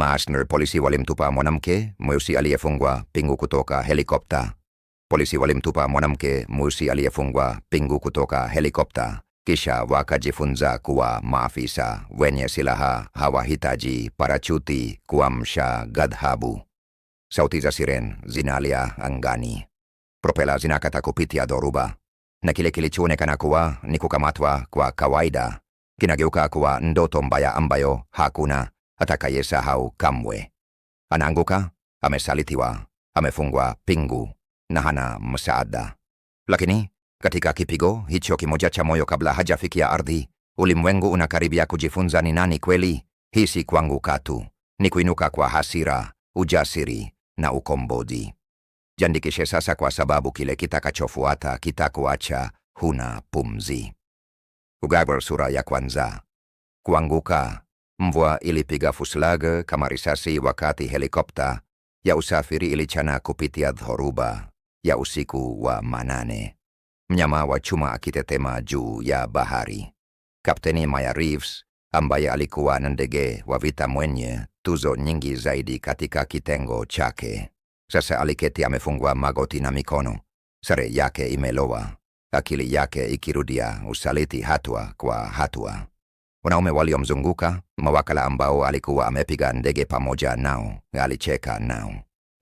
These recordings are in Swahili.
Maasner polisi walimtupa mwanamke mweusi aliyefungwa pingu kutoka helikopta. Polisi walimtupa mwanamke mweusi aliyefungwa pingu kutoka helikopta, kisha wakajifunza kuwa maafisa wenye silaha hawahitaji parachuti kuamsha gadhabu Sauti za siren zinalia angani, propela zinakata kupitia dhoruba, na kile kilichoonekana kuwa ni kukamatwa kwa kawaida kinageuka kuwa ndoto mbaya ambayo hakuna hau kamwe. Anaanguka, amesalitiwa, amefungwa pingu na hana msaada. Lakini katika kipigo hicho kimoja cha moyo, kabla hajafikia ardhi, ulimwengu unakaribia kujifunza ni nani kweli. Hii si kuanguka tu, ni kuinuka kwa hasira, ujasiri na ukombozi. Jiandikishe sasa, kwa sababu kile kitakachofuata kitakuacha huna pumzi. Ugaber sura ya kwanza. Kuanguka Mvua ilipiga fuslag kama risasi wakati helikopta ya usafiri ilichana kupitia dhoruba ya usiku wa manane, mnyama wa chuma akitetema juu ya bahari. Kapteni Maya Reeves ambaye alikuwa na ndege wa vita mwenye tuzo nyingi zaidi katika kitengo chake, sasa aliketi amefungwa magoti na mikono, sare yake imelowa, akili yake ikirudia usaliti hatua kwa hatua. Wanaume waliomzunguka, mawakala ambao alikuwa amepiga ndege pamoja nao, alicheka nao.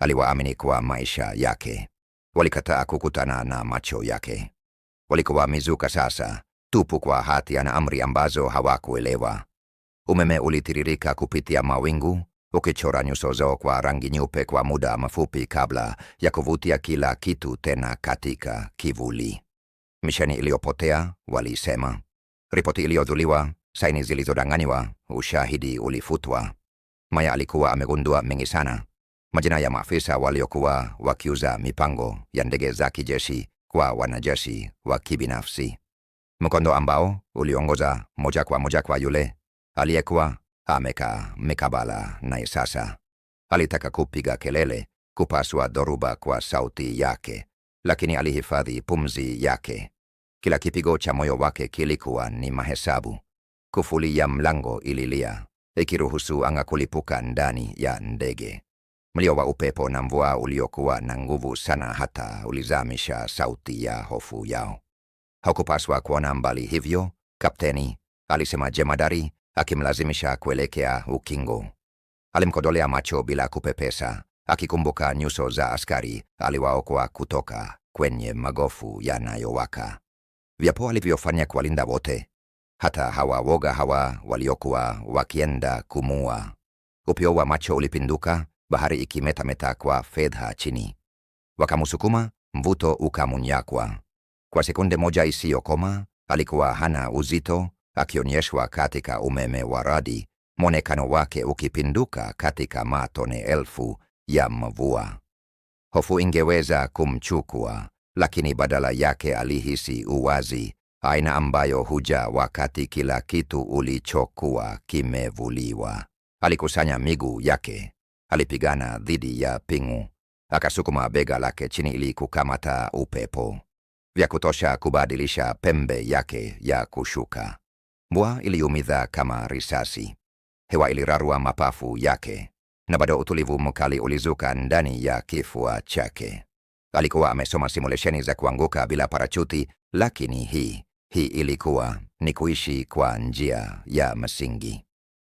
Aliwaamini kwa maisha yake. Walikataa kukutana na macho yake. Walikuwa mizuka sasa, tupu kwa hatia na amri ambazo hawakuelewa. Umeme ulitiririka kupitia mawingu, ukichora nyuso zao kwa rangi nyeupe kwa muda mafupi kabla ya kuvutia kila kitu tena katika kivuli. Misheni iliyopotea, walisema. Ripoti iliyodhuliwa saini zilizodanganywa, ushahidi ulifutwa. Maya alikuwa amegundua mengi sana: majina ya maafisa waliokuwa wakiuza mipango ya ndege za kijeshi kwa wanajeshi wa kibinafsi, mkondo ambao uliongoza moja kwa moja kwa yule aliyekuwa amekaa mikabala naye. Sasa alitaka kupiga kelele, kupasua dhoruba kwa sauti yake, lakini alihifadhi pumzi yake. Kila kipigo cha moyo wake kilikuwa ni mahesabu. Kufuli ya mlango ililia, ikiruhusu anga kulipuka ndani ya ndege. Mlio wa upepo na mvua uliokuwa na nguvu sana hata ulizamisha sauti ya hofu yao. Hakupaswa kuona mbali hivyo, kapteni, alisema jemadari, akimlazimisha kuelekea ukingo. Alimkodolea macho bila kupepesa, akikumbuka nyuso za askari aliwaokoa kutoka kwenye magofu yanayowaka. Vyapo alivyofanya kuwalinda wote hata hawa woga hawa waliokuwa wakienda kumua. Upeo wa macho ulipinduka, bahari ikimetameta kwa fedha chini. Wakamusukuma, mvuto ukamunyakwa. Kwa sekunde moja isiyokoma, alikuwa hana uzito, akionyeshwa katika umeme wa radi, mwonekano wake ukipinduka katika matone elfu ya mvua. Hofu ingeweza kumchukua, lakini badala yake alihisi uwazi, aina ambayo huja wakati kila kitu ulichokuwa kimevuliwa. Alikusanya miguu yake, alipigana dhidi ya pingu, akasukuma bega lake chini ili kukamata upepo vya kutosha kubadilisha pembe yake ya kushuka. Mbwa iliumiza kama risasi, hewa ilirarua mapafu yake, na bado utulivu mkali ulizuka ndani ya kifua chake. Alikuwa amesoma simulesheni za kuanguka bila parachuti, lakini hii hii ilikuwa ni kuishi kwa njia ya masingi.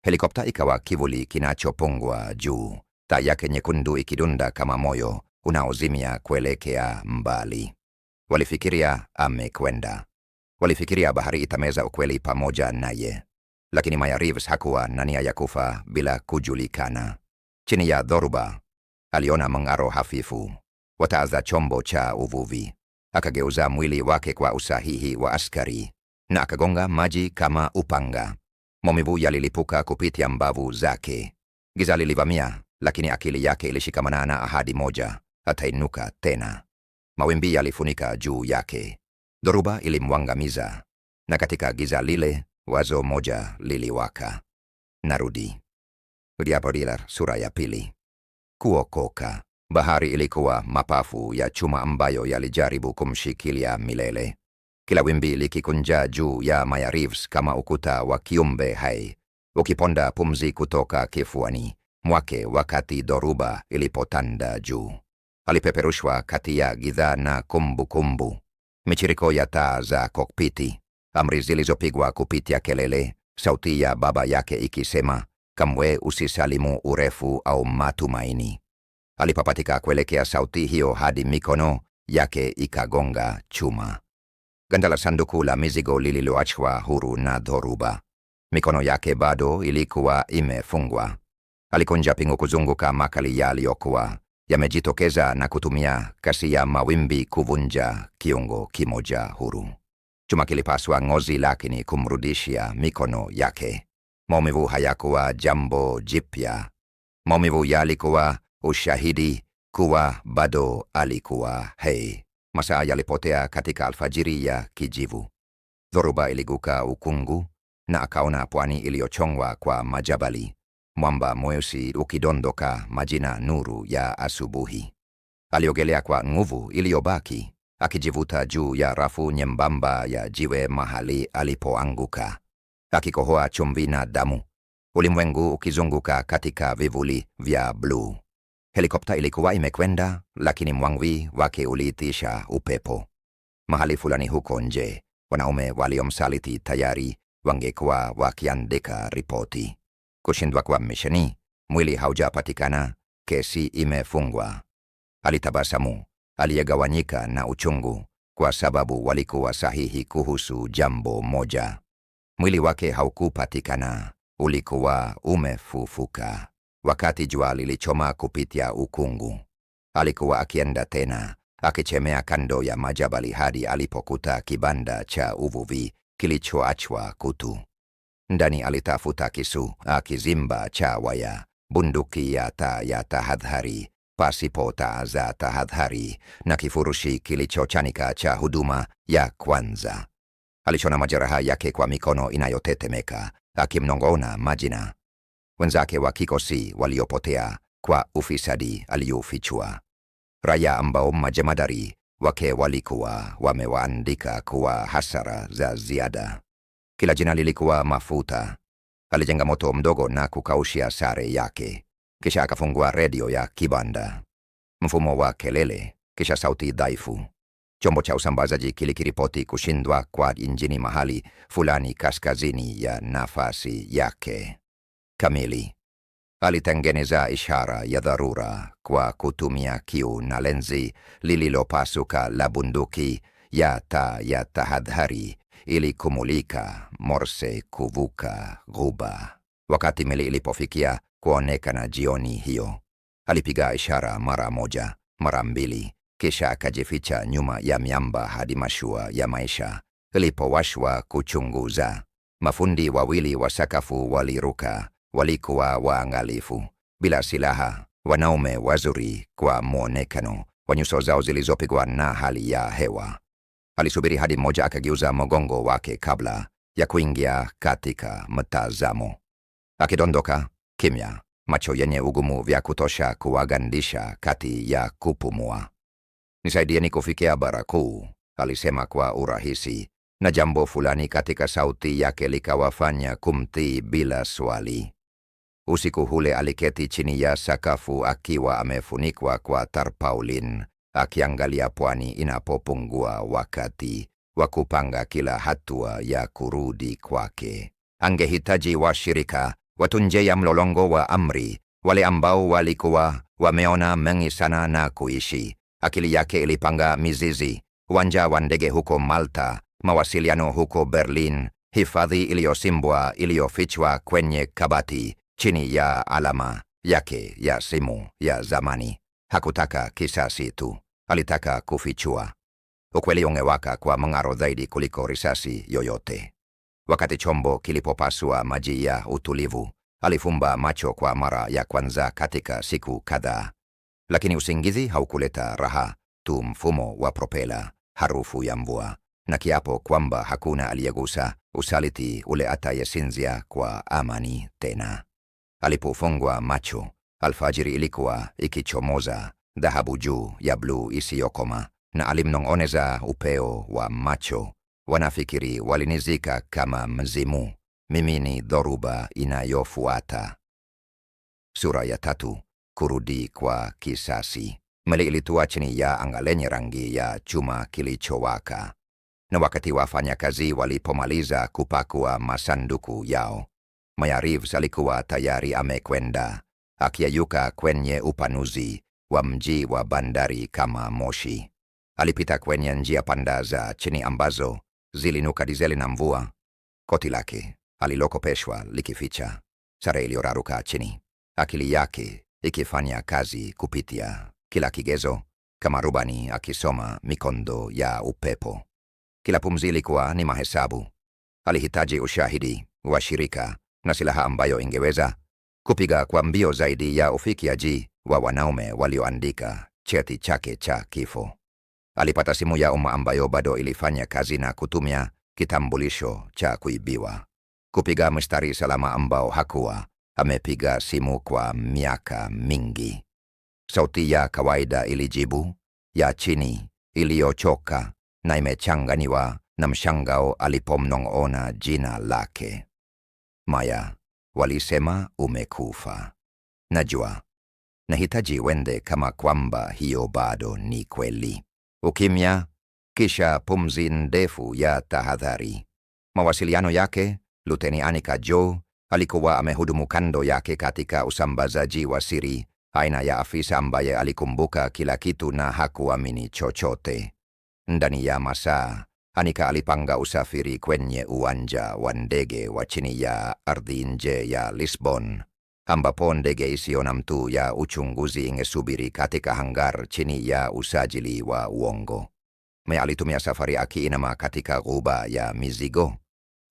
Helikopta ikawa kivuli kinachopungwa juu, taa yake nyekundu ikidunda kama moyo unaozimia kuelekea mbali. Walifikiria amekwenda, walifikiria bahari itameza ukweli pamoja naye, lakini Mayareeves hakuwa na nia ya kufa bila kujulikana. Chini ya dhoruba aliona mng'aro hafifu, wataaza chombo cha uvuvi akageuza mwili wake kwa usahihi wa askari na akagonga maji kama upanga. Maumivu yalilipuka kupitia mbavu zake. Giza lilivamia, lakini akili yake ilishikamana na ahadi moja: atainuka tena. Mawimbi yalifunika juu yake, dhoruba ilimwangamiza, na katika giza lile wazo moja liliwaka: narudi. sura ya pili. Kuokoka. Bahari ilikuwa mapafu ya chuma ambayo yalijaribu kumshikilia milele, kila wimbi likikunja juu ya Maya Reeves kama ukuta wa kiumbe hai, ukiponda pumzi kutoka kifuani mwake wakati dhoruba ilipotanda juu. Alipeperushwa kati ya giza na kumbukumbu, michiriko ya taa za kokpiti, amri zilizopigwa kupitia kelele, sauti ya baba yake ikisema, kamwe usisalimu urefu au matumaini. Alipapatika kuelekea sauti hiyo hadi mikono yake ikagonga chuma. Ganda la sanduku la mizigo lililoachwa huru na dhoruba. Mikono yake bado ilikuwa imefungwa. Alikunja pingu kuzunguka makali yaliyokuwa yamejitokeza na kutumia kasi ya mawimbi kuvunja kiungo kimoja huru. Chuma kilipaswa ngozi lakini kumrudishia mikono yake. Maumivu hayakuwa jambo jipya. Maumivu yalikuwa ushahidi kuwa bado alikuwa hai. Masaa yalipotea katika alfajiri ya kijivu. Dhoruba iliguka ukungu na akaona pwani iliyochongwa kwa majabali, mwamba mweusi ukidondoka majina nuru ya asubuhi. Aliogelea kwa nguvu iliyobaki, akijivuta juu ya rafu nyembamba ya jiwe mahali alipoanguka, akikohoa chumvi na damu, ulimwengu ukizunguka katika vivuli vya bluu. Helikopta ilikuwa imekwenda, lakini mwangwi wake uliitisha upepo. Mahali fulani huko nje, wanaume waliomsaliti tayari wangekuwa wakiandika ripoti. Kushindwa kwa misheni, mwili haujapatikana, kesi imefungwa. Alitabasamu, aliyegawanyika na uchungu, kwa sababu walikuwa sahihi kuhusu jambo moja. Mwili wake haukupatikana, ulikuwa umefufuka wakati jua lilichoma kupitia ukungu. Alikuwa akienda tena, akichemea kando ya majabali hadi alipokuta kibanda cha uvuvi kilichoachwa kutu. Ndani alitafuta kisu, akizimba cha waya, bunduki ya taa ya tahadhari, pasipo taa za tahadhari, na kifurushi kilichochanika cha huduma ya kwanza. Alishona majeraha yake kwa mikono inayotetemeka, akimnong'ona majina wenzake wa kikosi waliopotea kwa ufisadi aliyofichua, raia ambao majemadari wake walikuwa wamewaandika kuwa hasara za ziada. Kila jina lilikuwa mafuta. Alijenga moto mdogo na kukaushia sare yake, kisha akafungua redio ya kibanda, mfumo wa kelele, kisha sauti dhaifu. Chombo cha usambazaji kilikiripoti kushindwa kwa injini mahali fulani kaskazini ya nafasi yake kamili. Alitengeneza ishara ya dharura kwa kutumia kiu na lenzi lililopasuka la bunduki ya taa ya tahadhari ili kumulika Morse kuvuka ghuba. Wakati meli ilipofikia kuonekana jioni hiyo, alipiga ishara mara moja, mara mbili, kisha akajificha nyuma ya miamba hadi mashua ya maisha ilipowashwa kuchunguza. Mafundi wawili wa sakafu waliruka walikuwa waangalifu, bila silaha, wanaume wazuri kwa mwonekano wa nyuso zao zilizopigwa na hali ya hewa. Alisubiri hadi mmoja akageuza mgongo wake kabla ya kuingia katika mtazamo. Akidondoka kimya, macho yenye ugumu vya kutosha kuwagandisha kati ya kupumua. Nisaidieni kufikia bara kuu, alisema kwa urahisi, na jambo fulani katika sauti yake likawafanya kumtii bila swali. Usiku hule aliketi chini ya sakafu akiwa amefunikwa kwa tarpaulin, akiangalia pwani inapopungua wakati wa kupanga kila hatua ya kurudi kwake. Angehitaji washirika watu nje ya mlolongo wa amri, wale ambao walikuwa wameona mengi sana na kuishi. Akili yake ilipanga mizizi: uwanja wa ndege huko Malta, mawasiliano huko Berlin, hifadhi iliyosimbwa iliyofichwa kwenye kabati, chini ya alama yake ya simu ya zamani. Hakutaka kisasi tu, alitaka kufichua ukweli ungewaka kwa mng'aro zaidi kuliko risasi yoyote. Wakati chombo kilipopasua maji ya utulivu, alifumba macho kwa mara ya kwanza katika siku kadhaa, lakini usingizi haukuleta raha, tu mfumo wa propela, harufu ya mvua na kiapo kwamba hakuna aliyegusa usaliti ule atayesinzia kwa amani tena. Alipofungwa macho, alfajiri ilikuwa ikichomoza dhahabu juu ya bluu isiyokoma, na alimnong'oneza upeo wa macho, wanafikiri walinizika kama mzimu, mimi ni dhoruba inayofuata. Sura ya tatu. Kurudi kwa kisasi. Meli ilitua chini ya anga lenye rangi ya chuma kilichowaka, na wakati wafanyakazi walipomaliza kupakua masanduku yao, Maya Reeves alikuwa tayari amekwenda, akiayuka kwenye upanuzi wa mji wa bandari kama moshi. Alipita kwenye njia panda za chini ambazo zilinuka dizeli na mvua, koti lake alilokopeshwa likificha sare iliyoraruka chini, akili yake ikifanya kazi kupitia kila kigezo kama rubani akisoma mikondo ya upepo. Kila pumzi ilikuwa ni mahesabu. Alihitaji ushahidi wa shirika na silaha ambayo ingeweza kupiga kwa mbio zaidi ya ufikiaji wa wanaume walioandika cheti chake cha kifo. Alipata simu ya umma ambayo bado ilifanya kazi na kutumia kitambulisho cha kuibiwa kupiga mstari salama ambao hakuwa amepiga simu kwa miaka mingi. Sauti ya kawaida ilijibu, ya chini, iliyochoka na imechanganiwa na mshangao alipomnong'ona jina lake. Maya, walisema umekufa. Najua, nahitaji wende kama kwamba hiyo bado ni kweli. Ukimya, kisha pumzi ndefu ya tahadhari. Mawasiliano yake, Luteni Anika Joe alikuwa amehudumu kando yake katika usambazaji wa siri, aina ya afisa ambaye alikumbuka kila kitu na hakuamini chochote. Ndani ya masaa Anika alipanga usafiri kwenye uwanja wa ndege wa chini ya ardhi nje ya Lisbon, ambapo ndege isiyo na mtu ya uchunguzi ingesubiri katika hangar chini ya usajili wa uongo. Me alitumia safari akiinama katika ghuba ya mizigo,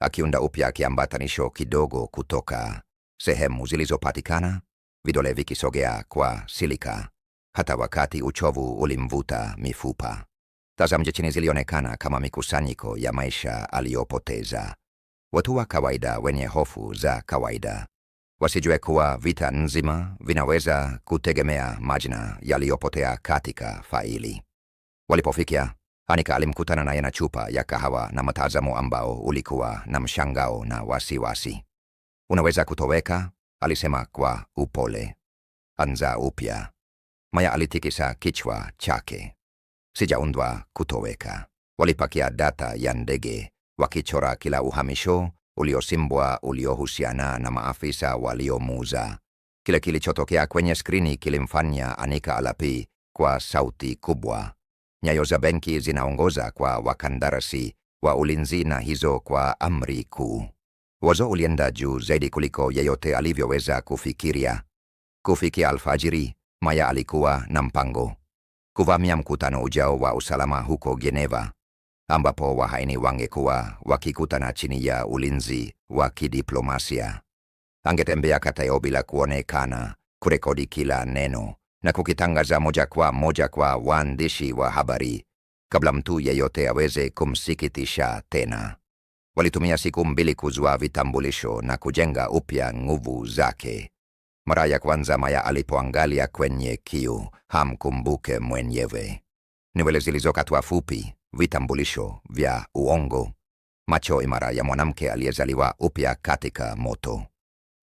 akiunda upya kiambatanisho kidogo kutoka sehemu zilizopatikana, vidole vikisogea kwa silika hata wakati uchovu ulimvuta mifupa. Tazamja chini zilionekana kama mikusanyiko ya maisha aliyopoteza. Watu wa kawaida wenye hofu za kawaida wasijue kuwa vita nzima vinaweza kutegemea majina yaliyopotea katika faili. Walipofikia, Anika alimkutana naye na chupa ya kahawa na mtazamo ambao ulikuwa na mshangao na wasiwasi. Unaweza kutoweka, alisema kwa upole. Anza upya. Maya alitikisa kichwa chake sijaundwa kutoweka. Walipakia data ya ndege wakichora kila uhamisho uliosimbwa uliohusiana na maafisa waliomuuza. Kile kilichotokea kwenye skrini kilimfanya Anika Alapi kwa sauti kubwa. Nyayo za benki zinaongoza kwa wakandarasi wa ulinzi na hizo kwa amri kuu. Wazo ulienda juu zaidi kuliko yeyote alivyoweza kufikiria. Kufikia alfajiri, Maya alikuwa na mpango kuvamia mkutano ujao wa usalama huko Geneva, ambapo wahaini wangekuwa wakikutana chini ya ulinzi wa kidiplomasia. Angetembea Kateo bila kuonekana, kurekodi kila neno na kukitangaza moja kwa moja kwa waandishi wa habari kabla mtu yeyote aweze kumsikitisha tena. Walitumia siku mbili kuzua vitambulisho na kujenga upya nguvu zake. Mara ya kwanza Maya alipoangalia kwenye kiu, hamkumbuke mwenyewe. Nywele zilizokatwa fupi, vitambulisho vya uongo, macho imara ya mwanamke aliyezaliwa upya katika moto.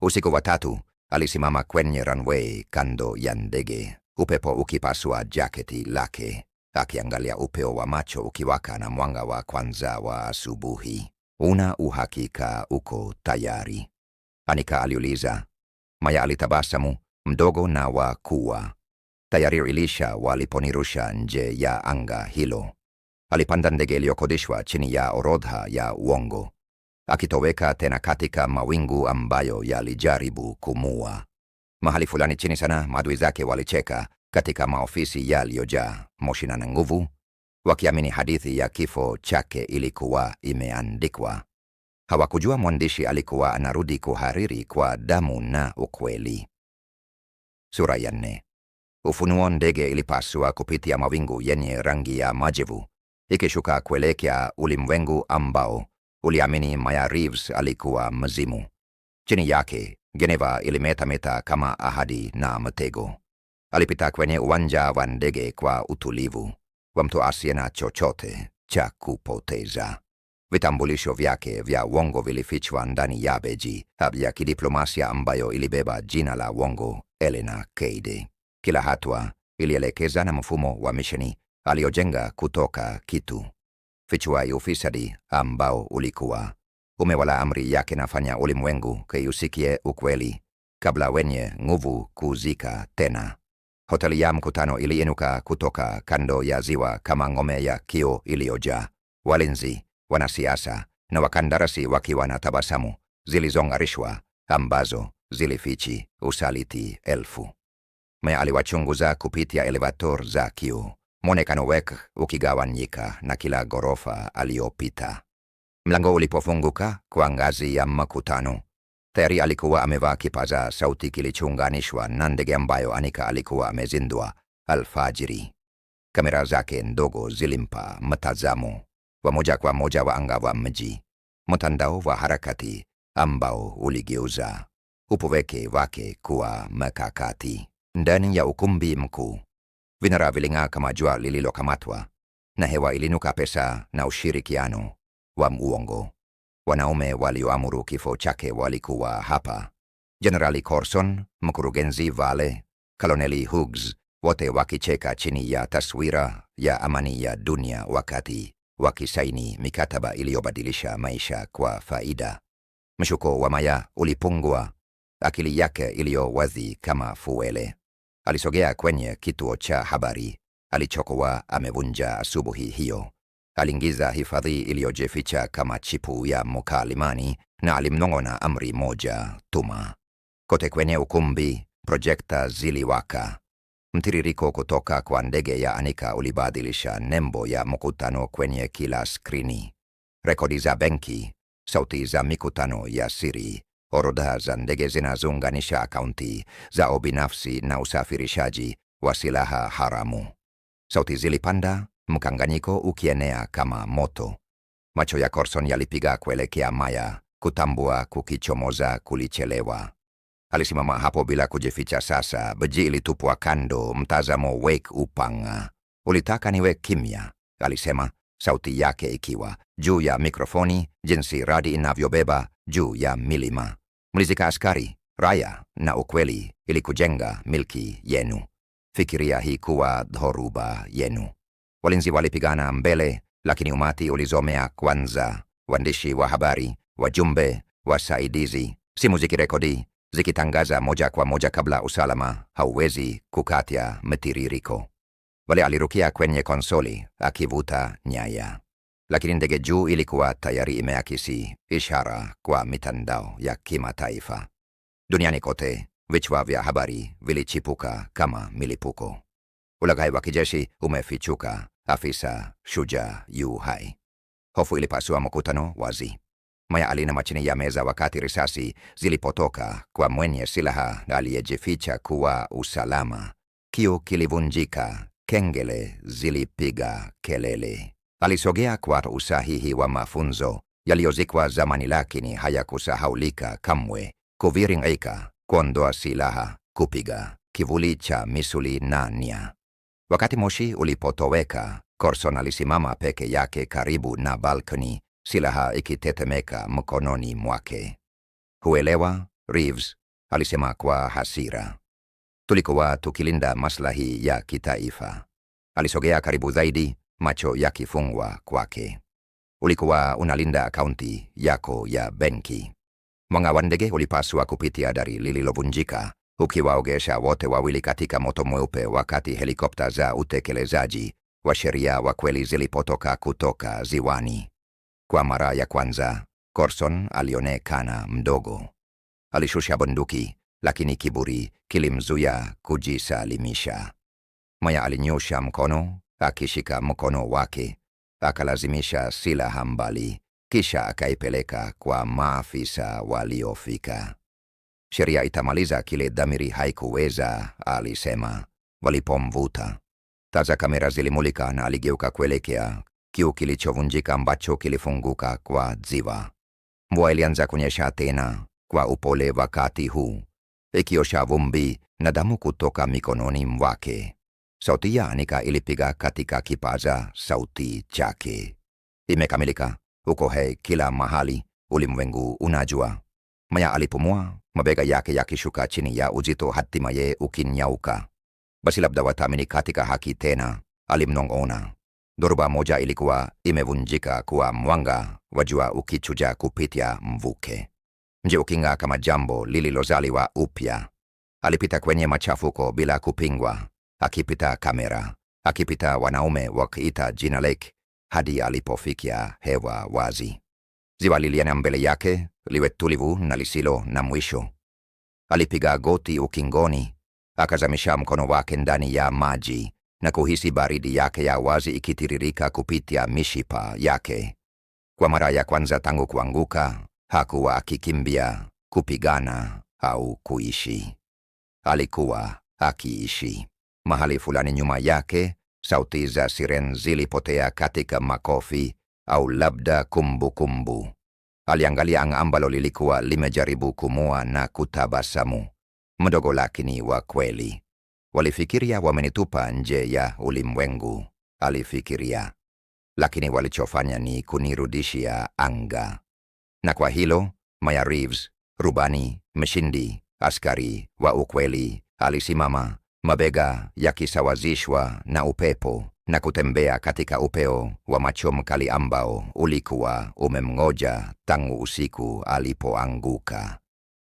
Usiku wa tatu alisimama kwenye runway kando ya ndege, upepo ukipasua jaketi lake, akiangalia upeo wa macho ukiwaka na mwanga wa kwanza wa asubuhi. Una uhakika uko tayari? Anika aliuliza, Maya alitabasamu mdogo na wa kuwa tayari ilisha waliponirusha nje ya anga hilo. Alipanda ndege iliyokodishwa chini ya orodha ya uongo, akitoweka tena katika mawingu ambayo yalijaribu kumua. Mahali fulani chini sana, maadui zake walicheka katika maofisi yaliyojaa moshi na nguvu, wakiamini hadithi ya kifo chake ilikuwa imeandikwa. Hawakujua mwandishi alikuwa anarudi kuhariri kwa damu na ukweli. Sura ya nne. Ufunuo. Ndege ilipasua kupitia mawingu yenye rangi ya majivu ikishuka kuelekea ulimwengu ambao uliamini Maya Reeves alikuwa mzimu. Chini yake Geneva ilimetameta kama ahadi na mtego. Alipita kwenye uwanja wa ndege kwa utulivu wa mtu asiye na chochote cha kupoteza. Vitambulisho vyake vya uongo vilifichwa ndani ya beji ya kidiplomasia ambayo ilibeba jina la uongo Elena Kaidi. Kila hatua ilielekeza na mfumo wa misheni aliyojenga kutoka kitu. Fichua ufisadi ambao ulikuwa umewala amri yake, nafanya ulimwengu kiusikie ukweli kabla wenye nguvu kuzika tena. Hoteli ya mkutano iliinuka kutoka kando ya ziwa kama ngome ya kio iliyojaa walinzi wanasiasa na wakandarasi wakiwa na tabasamu zilizong'arishwa ambazo zilifichi usaliti elfu. Mea aliwachunguza kupitia elevator za monekano mwonekano wake ukigawanyika na kila ghorofa aliyopita. Mlango ulipofunguka kwa ngazi ya makutano, tayari alikuwa amevaa kipaza sauti kilichounganishwa na ndege ambayo Anika alikuwa amezindua alfajiri. Kamera zake ndogo zilimpa mtazamo wa moja kwa moja wa anga wa mji, mtandao wa harakati ambao uligeuza upweke wake kuwa makakati. Ndani ya ukumbi mkuu vinara viling'aa kama jua lililokamatwa, na hewa ilinuka pesa na ushirikiano wa muongo. Wanaume walioamuru kifo chake walikuwa hapa: Jenerali Corson, mkurugenzi Vale, Koloneli Hughes, wote wakicheka chini ya taswira ya amani ya dunia wakati wakisaini mikataba iliyobadilisha maisha kwa faida. Mshuko wa Maya ulipungua, akili yake iliyo wazi kama fuele Alisogea kwenye kituo cha habari alichokuwa amevunja asubuhi hiyo. Aliingiza hifadhi iliyojificha kama chipu ya mkalimani na alimnong'ona amri moja: tuma. Kote kwenye ukumbi projekta ziliwaka. Mtiririko kutoka kwa ndege ya Anika ulibadilisha nembo ya mkutano kwenye kila skrini. Rekodi za benki, sauti za mikutano ya siri, orodha za ndege zinazounganisha akaunti za ubinafsi na usafirishaji wa silaha haramu. Sauti zilipanda, mkanganyiko ukienea kama moto. Macho ya Corson yalipiga kuelekea Maya, kutambua kukichomoza kulichelewa. Alisimama hapo bila kujificha. Sasa beji ilitupwa kando, mtazamo wake upanga. Ulitaka niwe kimya, alisema, sauti yake ikiwa juu ya mikrofoni, jinsi radi inavyobeba juu ya milima. Mlizika askari, raya na ukweli ili kujenga milki yenu. Fikiria hii kuwa dhoruba yenu. Walinzi walipigana mbele, lakini umati ulizomea kwanza. Waandishi wa habari, wajumbe, wasaidizi, muziki rekodi zikitangaza moja kwa moja kabla usalama hauwezi kukatia mtiririko. Wale alirukia kwenye konsoli akivuta nyaya, lakini ndege juu ilikuwa tayari imeakisi ishara kwa mitandao ya kimataifa. Duniani kote vichwa vya habari vilichipuka kama milipuko. Ulaghai wa kijeshi umefichuka, afisa shujaa yu hai. Hofu ilipasua mkutano wazi. Maya alinama chini ya meza wakati risasi zilipotoka kwa mwenye silaha aliyejificha kuwa usalama. Kio kilivunjika, kengele zilipiga kelele. Alisogea kwa usahihi wa mafunzo yaliyozikwa zamani, lakini hayakusahaulika kamwe: kuviringaika, kuondoa silaha, kupiga kivuli cha misuli na nia. Wakati moshi ulipotoweka, Corson alisimama peke yake karibu na balkoni silaha ikitetemeka mkononi mwake. Huelewa, Reeves alisema kwa hasira, tulikuwa tukilinda maslahi ya kitaifa. Alisogea karibu zaidi, macho yakifungwa kwake. Ulikuwa unalinda akaunti yako ya benki. Mwanga wa ndege ulipaswa kupitia dari lililovunjika, ukiwaogesha wote wawili katika moto mweupe, wakati helikopta za utekelezaji wa sheria wa kweli zilipotoka kutoka ziwani. Kwa mara ya kwanza, Corson alionekana mdogo. Alishusha bunduki, lakini kiburi kilimzuia kujisalimisha. Maya alinyosha mkono, akishika mkono wake, akalazimisha silaha mbali, kisha akaipeleka kwa maafisa waliofika. Sheria itamaliza kile dhamiri haikuweza, alisema walipomvuta. Taza kamera zilimulika na aligeuka kuelekea kilichovunjika ambacho kilifunguka kwa ziwa. Mvua ilianza kunyesha tena kwa upole wakati huu, ikiosha vumbi na damu kutoka mikononi mwake. Sauti ya Anika ilipiga katika kipaza sauti chake. Imekamilika. Ukohe kila mahali, ulimwengu unajua. Maya alipumua, mabega yake yakishuka chini ya uzito, hatimaye ukinyauka. Basi labda watamini katika haki tena, alimnong'ona. Dhoruba moja ilikuwa imevunjika kuwa mwanga wa jua ukichuja kupitia mvuke, mji uking'aa kama jambo lililozaliwa upya. Alipita kwenye machafuko bila kupingwa, akipita kamera, akipita wanaume wakiita jina lake, hadi alipofikia hewa wazi. Ziwa liliana mbele yake, liwe tulivu na lisilo na mwisho. Alipiga goti ukingoni, akazamisha mkono wake ndani ya maji na kuhisi baridi yake ya wazi ikitiririka kupitia mishipa yake. Kwa mara ya kwanza tangu kuanguka, hakuwa akikimbia, kupigana au kuishi. Alikuwa akiishi. Mahali fulani nyuma yake, sauti za siren zilipotea katika makofi au labda kumbukumbu kumbu. Aliangalia anga ambalo lilikuwa limejaribu kumua na kutabasamu mdogo, lakini wa kweli. Walifikiria wamenitupa nje ya ulimwengu, alifikiria, lakini walichofanya ni kunirudishia anga. Na kwa hilo Maya Reeves, rubani mshindi, askari wa ukweli, alisimama, mabega yakisawazishwa na upepo na kutembea katika upeo wa macho mkali ambao ulikuwa umemngoja tangu usiku alipoanguka.